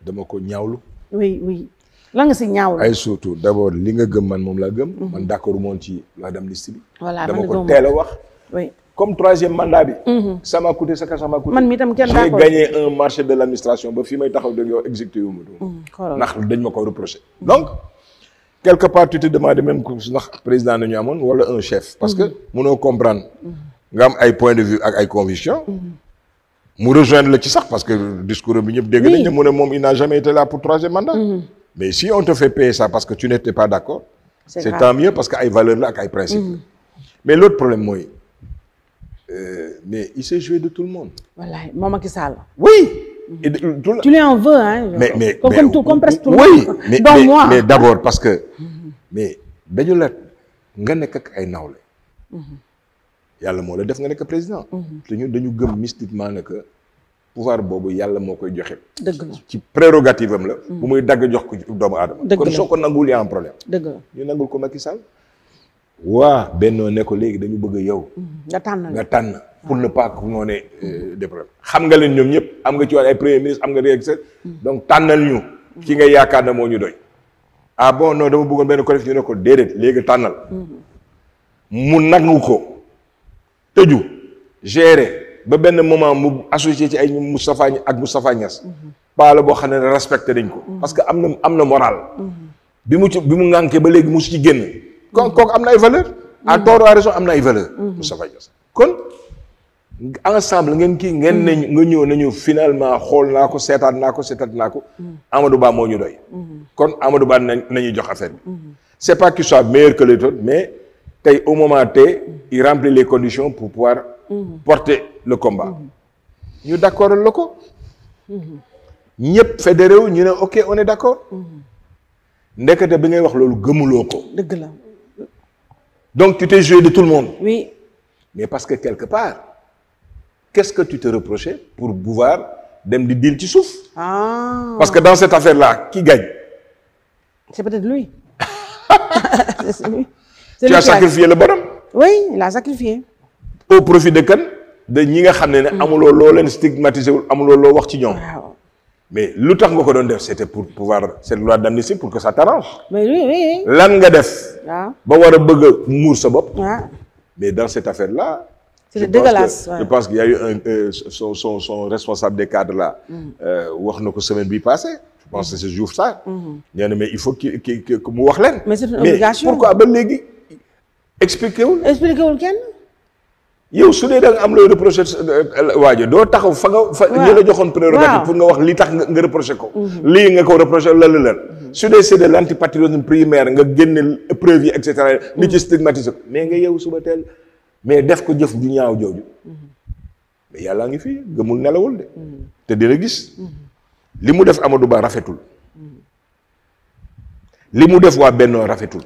dama ko ñaawlu. oui oui lan nga si ñaawlu. ay surtout d'abord abord li nga gëm man moom laa gëm. Mhm. man d' accord ci voilà dama ko teel a wax. oui comme troisième mandat ça mhm. m'a coûté ça m'a coûté. man mi tam kenn d'accord. j'ai un marché de l'administration. administration ba fii may taxaw dégg yow exécuté wu ma. Mhm. ndax ma ko reprocher donc quelque part tu te demandes même que ndax président dañu amoon wala un chef. parce que mënoo comprendre. nga am ay points de vue ak ay convictions. Je rejoindre le ci parce que le discours bi il n'a jamais été là pour le troisième mandat mm-hmm. mais si on te fait payer ça parce que tu n'étais pas d'accord c'est tant mieux parce qu'il y a valeurs là, ak ay des principes. Mm-hmm. mais l'autre problème euh, mais il s'est joué de tout le monde Voilà, mm-hmm. euh, tout hein, qui s'allait. oui tu lui en veux hein mais tout tout oui mais d'abord parce que mais y a nga ak ay nawle yàlla moo la def nga nekk président. Mhm. te ñu dañu gëm mystiquement ne que pouvoir boobu yàlla moo koy joxe. ci prérogative am la. Mhm. bu muy dagg jox ko doomu aadama. dëgg kon soo ko nangul yaa problème. dëgg la ñu nangul ko Macky Sall. waa bennoo ne ko léegi dañu bëgg yow. Mhm. nga tànn nga tànn pour ah. ne pas que noo ne euh, des problèmes nga leen ñoom ñëpp am nga ci wàllu ay am nga léegi donc tànnal ñu. ki nga yaakaar ne moo ñu doy. ah bon non dama bëggoon benn ko def ñu ne ko déedéet léegi tànnal. mu nangu ko. tëju gérer ba ben moment mu associé ci ay Moustapha ak Moustapha Niass. ba mhm. la bo xam respecté dañ ko. Mhm. parce que amna amna moral. Mhm. bi mu bi mu ngànkee ba légui ci génn. kon kooku amna ay valeur à tort raison amna ay valeur Moustapha Niass kon ensemble ngeen ki ngeen nga ñëw nañu finalement xol na ko seetaat na ko seetaat na ko. Amadou Ba mo ñu doy. kon Amadou Ba nañu jox c'est pas qu'il soit meilleur que les autres mais au moment T il remplit les conditions pour pouvoir mhm. porter le combat sommes d'accord le ko fait nous sommes ok on est d'accord mhm. donc tu t'es joué de tout le monde oui mais parce que quelque part qu'est-ce que tu te reprochais pour pouvoir dem di tu souffres ah. parce que dans cette affaire là qui gagne c'est peut-être lui c'est lui tu as sacrifié le bonhomme. oui il a sacrifié. au profit de kan de ñi nga xam ne ne. amuloo loo leen stigmatisé wul amuloo loo wax ci ñoom. mais lu tax nga ko c'était pour pouvoir cette loi d'amnistie pour que ça t'arrange. mais oui oui. lan nga def. waaw ba war a bëgg a muur sa bopp. mais dans cette affaire là. c'est dégueulasse je pense qu'il y a eu un euh, son responsable des cadres là. Mm. Euh, a na la semaine passée. je pense que c'est ce jour là mais il faut que que que mu wax mais c'est une obligation pourquoi expliqué wul. expliqué kenn. yow su dee da nga am looy reproché euh, waajo doo taxaw fa nga. fa ñu joxoon prérogative pour nga wax li tax nga reproché ko. Mhm. lii nga ko reproché la la su dee c'est de l'antipatriotisme primaire nga génne preuve yi et cetera. li ci mhm. stigmatisé ko mais nga yow suba teel mais def ko jëf ju ñaaw jooju. Mhm. mais yàlla ngi fi gëmul nelawul de. te dina gis. li mu def Amadou Ba rafetul. li mu def waa Bennoo rafetul.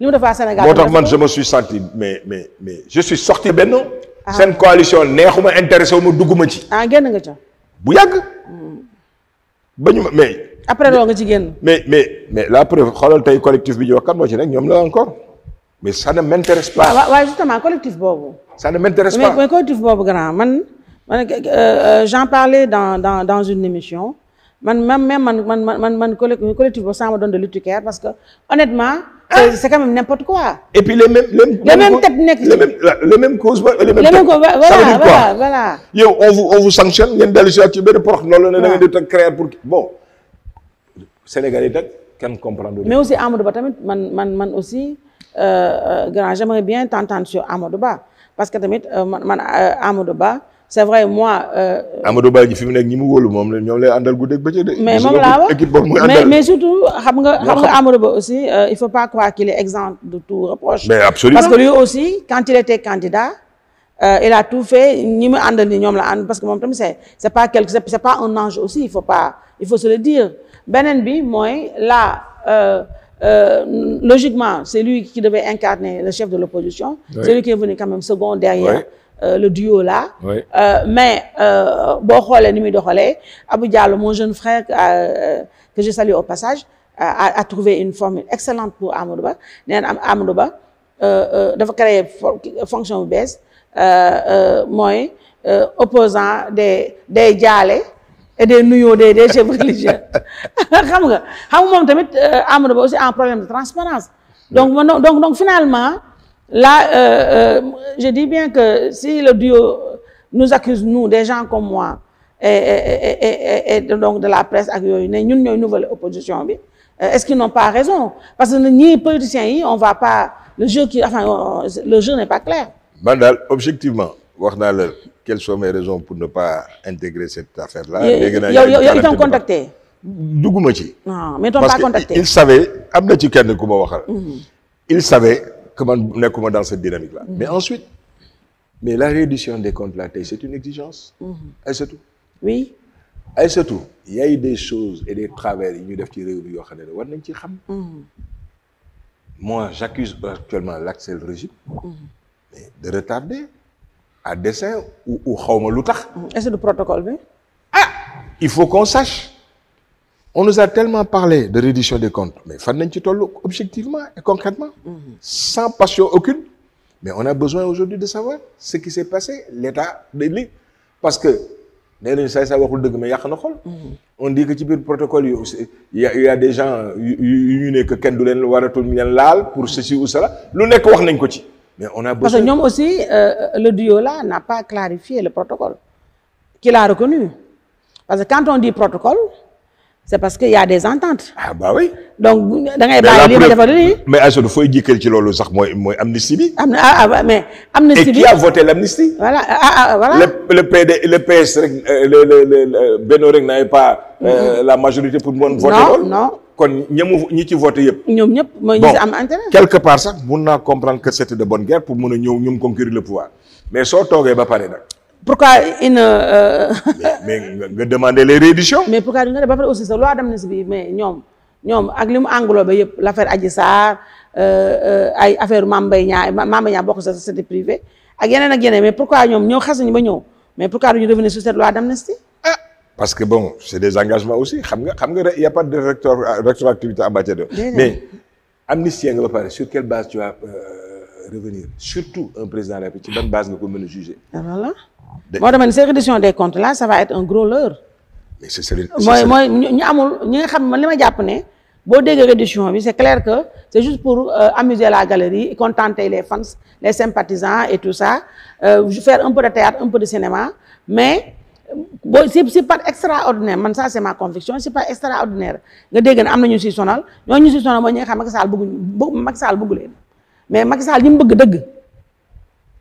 li mu def Sénégal man je me suis senti mais mais mais je suis sorti non, ah. cette coalition neexuma intéressé wu ma dugg ma ci. ah génn nga ca. bu yàgg. ba mais. après loolu nga ci mais mais mais la preuve xoolal tey collectif bi ñu wax kan moo ci nekk ñoom la encore mais ça ne m'intéresse pas. Ah, waaw waaw justement collectif boobu. ça ne m'intéresse pas mais collectif boobu grand man. Euh, euh, j'en parlais dans dans dans une émission man même man man man collectif boobu ça me donne de l'urticaire parce que honnêtement. Ah. C'est quand même n'importe quoi. Et puis les mêmes... Les, mêmes, les mêmes, causes, les mêmes, les mêmes causes, les mêmes causes, Voilà, Ça veut dire quoi? voilà, voilà. Yo, on vous, on vous sanctionne, vous allez sur YouTube, vous allez vous créer pour... Bon, Sénégalais, quand comprendre. Mais aussi, Amadou Ba, man, man, man aussi, euh, euh, j'aimerais bien t'entendre sur Amadou Ba. Parce que, euh, man, man, euh, c'est vrai moi. Euh, Amadou Ba il fait mu nekk ñi mu wóolu moom la lay àndal de. mais mais surtout xam Amadou Ba aussi euh, il faut pas croire qu'il est exempt de tout reproche. mais absolument parce que lui aussi quand il était candidat. Euh, il a tout fait ñi mu àndal ni ñoom la parce que mon problème, c'est c'est pas quelque c'est pas un ange aussi il faut pas il faut se le dire Ben bi mooy là euh, euh, logiquement c'est lui qui devait incarner le chef de l'opposition oui. c'est lui qui est venu quand même second derrière euh, le duo là. Euh, mais quoi euh, les ni de doxalee Abu Diallo mon jeune frère que je salue au passage a a trouvé une formule excellente pour Amadou Ba nee euh, Amadou Ba créer fonction euh, moi, euh, opposant des des et des nuyoo des chefs religieux ah nga xam un Amadou Ba aussi un problème de transparence donc donc donc finalement. Là, euh, euh, je dis bien que si le duo nous accuse, nous, des gens comme moi, et, donc de la presse, nous, nouvelle opposition, euh, est-ce qu'ils n'ont pas raison Parce que ni politiciens, on va pas... Le jeu, qui, enfin, le jeu n'est pas clair. Mandal, objectivement, quelles sont mes raisons pour ne pas intégrer cette affaire-là Ils t'ont contacté Non, mais ils t'ont pas contacté. Ils savaient, mm-hmm. ils savaient on est comment dans cette dynamique là. Mhm. mais ensuite mais la réduction des comptes la c'est une exigence. c'est mhm. tout. oui. c'est tout. Il y a eu des choses et des travers qui nous mhm. moi j'accuse actuellement l'accès au régime. de retarder à dessein ou au xawma est-ce le protocole ah il faut qu'on sache on nous a tellement parlé de reddition des comptes mais fan nañ objectivement et concrètement mhm. sans passion aucune mais on a besoin aujourd'hui de savoir ce qui s'est passé l'état de lieux, parce que mais mhm. on dit que ci biir protocole il y a des gens qui ne que pas du leen waratul pour ceci ou cela lu wax nañ mais on a besoin parce que nous aussi euh, le duo là n'a pas clarifié le protocole qu'il a reconnu parce que quand on dit protocole c'est parce que y a des ententes. ah bah oui. donc da ngay bàyyi li ma defal nii. mais Aïssatou fooy jikkal ci loolu sax mooy mooy amnistie bi. am ah, ah mais. amnistie et qui a voté l'amnistie. voilà ah ah, ah voilà. le le PD le PS rek euh, le le rek n'avait pas. Euh, mm-hmm. la majorité pour mën voter loolu. non non kon ñamu ñi ci voté yëpp. ñoom ñëpp mooy ñi ci am intérêt. quelque part ça, mun naa comprendre que c'était de bonne guerre pour mën a ñëw ñoom conquérir le pouvoir mais soo toogee ba pare nag pourquoi euh... mais nga demander les rééditions. mais pourquoi nga ne ba pare aussi cette loi d'amnistie mais ils... ñoom ak li mu englobé yëpp l' affaire euh, euh, ay affaire Mame Mbaye Niang Mame Mbaye sa ak yeneen ak mais pourquoi ñoom ils xas nañu ba ñëw mais pourquoi du ñu revenir sur cette loi d'amnistie. ah parce que bon c'est des engagements aussi xam nga xam nga a pas de recteur rétroactivité en matière de. mais amnistie nga ba sur quelle base tu vas euh, revenir surtout un président de la République base nga ko le juger. Ah, voilà moo demee ces reddition des comptes là ça va être un gros leurre. mais c'est c'est mooy mooy ñu amul ñi nga xam man li ma jàpp ne boo déggee bi c'est clair que c'est juste pour euh, amuser la galerie contenter les fans les sympathisants et tout ça euh, faire un peu de théâtre un peu de cinéma mais. boo si pas extraordinaire man ça c'est ma conviction c'est pas extraordinaire nga dégg na am na ñu si sonal ñooñu ñu si sonal mooy ñi nga xam Macky Sall bëgguñu bëgg Macky Sall bëggu leen mais Macky Sall ñu bëgg dëgg.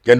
kenn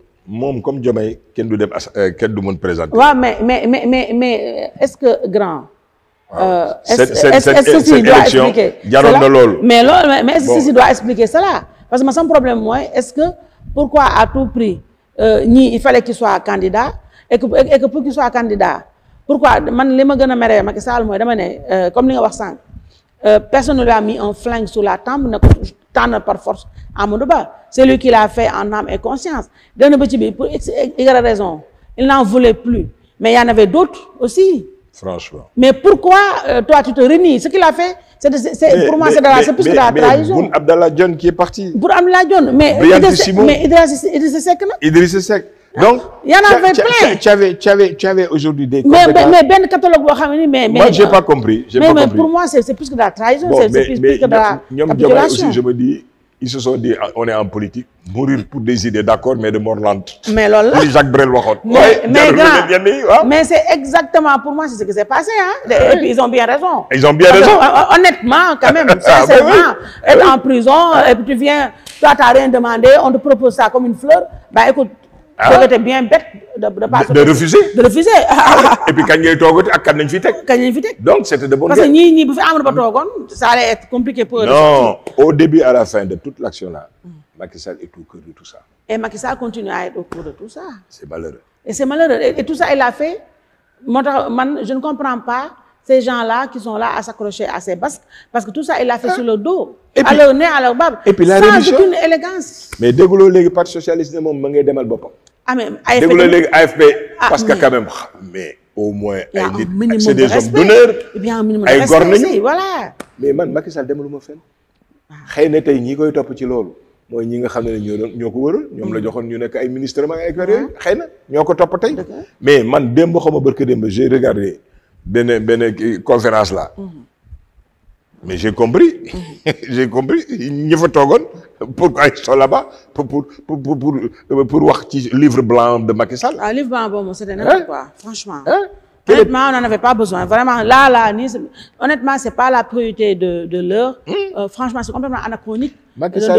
mom comme Diomaye ken du dem euh, kenn du mon présenter. wa mais mais mais mais est-ce que grand. Euh, est-ce que doit expliquer jaroon na mais lol mais est-ce que ceci doit expliquer cela parce que ma sama problème moi est-ce que pourquoi à tout prix ni euh, il fallait qu'il soit candidat et que et que pour qu'il soit candidat pourquoi man li ma gën Macky Sall mooy dama ne euh, comme li nga wax sànq. Euh, personne ne lui a mis un flingue sur la tempe, ne par force à Mounouba. C'est lui qui l'a fait en âme et conscience. D'un petit pour y raison, il n'en voulait plus. Mais il y en avait d'autres aussi. Franchement. Mais pourquoi euh, toi tu te réunis Ce qu'il a fait, pour moi c'est de la, c'est plus mais, de la trahison. Abdallah John qui est parti. Pour Abdallah John. Mais Idriss Mais Idriss Sek. Ah, Donc, il y en avait plein. Tu avais, aujourd'hui des mais, mais, ben catalogue, mais, mais, moi, pas compris. Mais, pas mais pour moi, c'est plus que de la trahison, c'est plus, plus, que de la capitulation. Aussi, je me dis, ils se sont dit, on est en politique, mourir pour des idées, d'accord, mais de mort lente. Mais là, Jacques Brel Mais, ah. mais, c'est exactement pour moi, c'est ce qui s'est passé. Hein? Et ah puis, ils ont bien raison. Ils ont bien raison. Euh, euh, honnêtement, quand même, sincèrement, être en prison, et puis tu viens, toi, tu n'as rien demandé, on te propose ça comme une fleur. Ben écoute, ah était bien bête de de de refuser ah, ah, ah, et puis quand il toogati ak kan lañ fi tek donc c'était de bonne guerre. parce que ni ni, bu fi Amadou Ba togon ça allait être compliqué pour. non au début à la fin de toute l'action là. Mm. Macky Sall est au cœur de tout ça. et Macky Sall continue à être au cœur de tout ça. C'est malheureux. et c'est malheureux et, tout ça il a fait je ne comprends pas ces gens là qui sont là à s'accrocher à ces basques parce que tout ça il a fait sur le dos. et puis à leur nez à leur barbe. et puis la sans aucune élégance. mais dégguloo le parti socialiste ne moom ma ngay ah mais AFP déglu léegi AFP. Ah, parce que quand même ah, mais au moins. ay nit c'est des hommes d'honneur. Eh ay gor nañu voilà. mais man Macky Sall demalu ma fenn. Ah. xëy na tey ñi koy topp ci loolu. mooy ñi nga xamné ne ñoo doon ñoo ko wëral la mm. joxoon ñu nek ay ministre ma ay affaire yooyu ñoko top tay mais man démb xaw ma barke démb j'ai regardé benn benn conférence là. Mm mais j'ai compris mhm. j'ai compris ñi fa toogoon pourquoi ils sont là-bas pour pour pour pour pour voir euh, livre blanc de Macky Sall. Ah, livre blanc bon, c'était hein? n'importe quoi franchement. Hein? honnêtement on n'en avait pas besoin vraiment là là honnêtement, honnêtement n'est pas la priorité de de l'heure. Hmm? Euh, franchement c'est complètement anachronique. Euh,